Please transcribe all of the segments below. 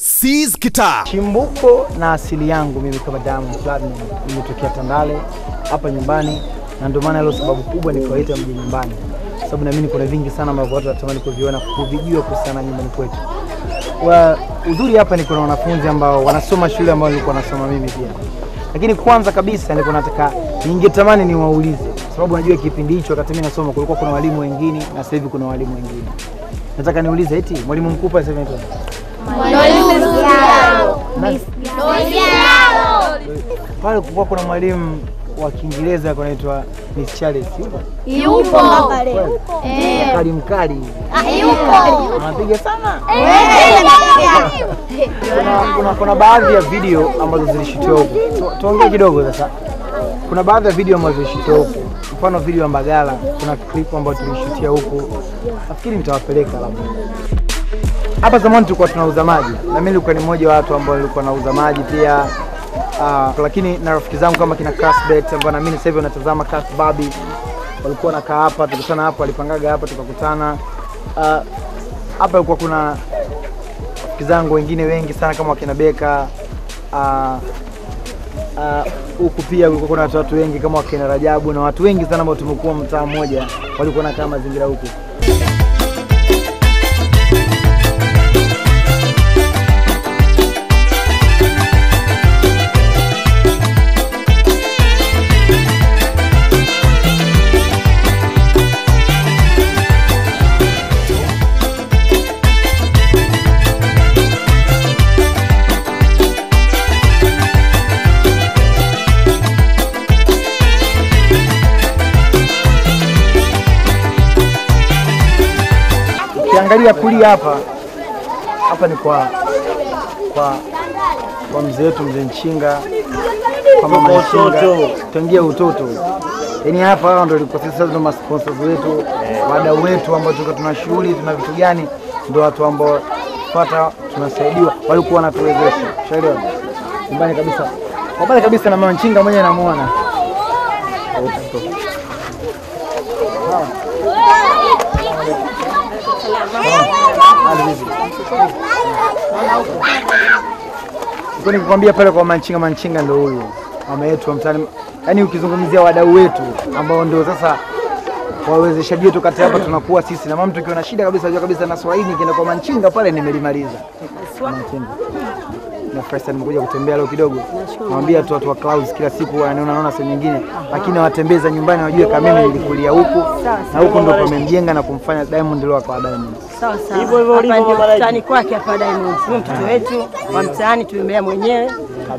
Seize Guitar. Chimbuko na asili yangu mimi kama Diamond Platnumz nimetokea Tandale hapa nyumbani, na ndio maana hilo sababu kubwa nikawaita mji nyumbani, sababu naamini kuna vingi sana ambavyo watu watamani kuviona kuvijua kuhusiana nyumbani kwetu. Wa uzuri hapa ni kuna wanafunzi ambao wanasoma shule ambayo nilikuwa nasoma mimi pia, lakini kwanza kabisa nilikuwa nataka ningetamani niwaulize, sababu najua kipindi hicho wakati mimi nasoma kulikuwa kuna walimu wengine na sasa hivi kuna walimu wengine. Nataka niulize eti mwalimu mkuu sasa hivi pale kulikuwa kuna mwalimu wa Kiingereza anaitwa Miss Charles. Yupo. Kali eh. mkali. Ah, yupo. Anapiga sana. Eh. Kuna kuna baadhi ya video ambazo zilishutiwa huko. Tuongee kidogo sasa. Kuna baadhi ya video ambazo zilishutiwa huko. Mfano video ya Mbagala, kuna clip ambayo tulishutia huko. Nafikiri nitawapeleka labda. Hapa zamani tulikuwa tunauza maji na mimi nilikuwa ni mmoja wa watu ambao nilikuwa nauza maji pia. Uh, lakini na rafiki zangu kama kina Casbet ambao na mimi sasa hivi wanatazama Cas Babi walikuwa nakaa hapa, tulikutana hapo walipangaga hapa tukakutana ah, hapa. Uh, ilikuwa kuna rafiki zangu wengine wengi sana kama wakina Beka ah, huku uh, pia kulikuwa kuna watu watu wengi kama wakina Rajabu na watu wengi sana ambao tumekuwa mtaa mmoja walikuwa nakaa mazingira huku. Ukiangalia kulia hapa hapa ni kwa kwa kwa mzee wetu mzee Nchinga, kwa mama Nchinga tangia utoto. Yaani hapa hao ndio walikuwa sasa ndio masponsors wetu, eh. wadau wetu ambao tulikuwa tuna shughuli tuna vitu gani, ndio watu ambao pata tunasaidiwa, walikuwa wanatuwezesha. Shaelewa nyumbani kabisa, nyumbani kabisa, na mama Nchinga mwenyewe namuona Nikukwambia pale kwa manchinga, manchinga ndio huyu mama yetu wa mtaani, yaani ukizungumzia wadau wetu ambao ndio sasa wawezeshaji wetu kati hapa tunakuwa sisi na mama, tukiwa na shida kabisa, jua kabisa na Swahili nikienda kwa manchinga pale nimelimaliza manchinga na first time kuja kutembea leo kidogo. Naambia tu watu wa Clouds kila siku wanaona naona sehemu nyingine, lakini watembeza nyumbani wajue kama mimi nilikulia huku na huku ndio pamemjenga na kumfanya Diamond leo kwa Diamond. Sawa sawa. Hivyo hivyo ulivyo mtaani kwake hapa Diamond. Huyo ah. mtoto wetu wa mtaani tumemlea mwenyewe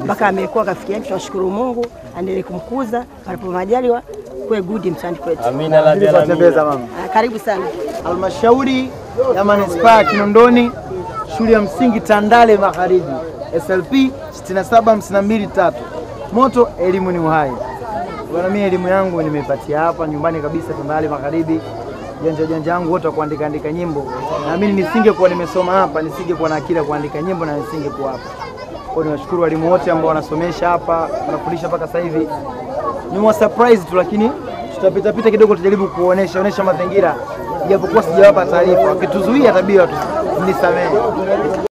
mpaka amekuwa kafikia hapa, tunashukuru Mungu aendelee kumkuza palipo majaliwa kuwe good mtaani kwetu. Amina la Tembeza mama. Ah, karibu sana. Halmashauri ya Manispaa ya Kinondoni, shule ya msingi Tandale Magharibi. SLP 67523. Moto elimu ni uhai. Bwana, mimi elimu yangu nimepatia hapa nyumbani kabisa, Tandale Magharibi, janja janja yangu wote kuandika andika nyimbo. Naamini nisingekuwa nimesoma hapa, nisingekuwa na akili kuandika nyimbo na nisingekuwa hapa. Kwa hiyo niwashukuru walimu wote ambao wanasomesha hapa, wanafundisha mpaka sasa hivi. Ni mwa surprise tu, lakini tutapita pita kidogo, tujaribu kuonesha onesha mazingira, japokuwa sijawapa taarifa. Wakituzuia tabia, nisamehe.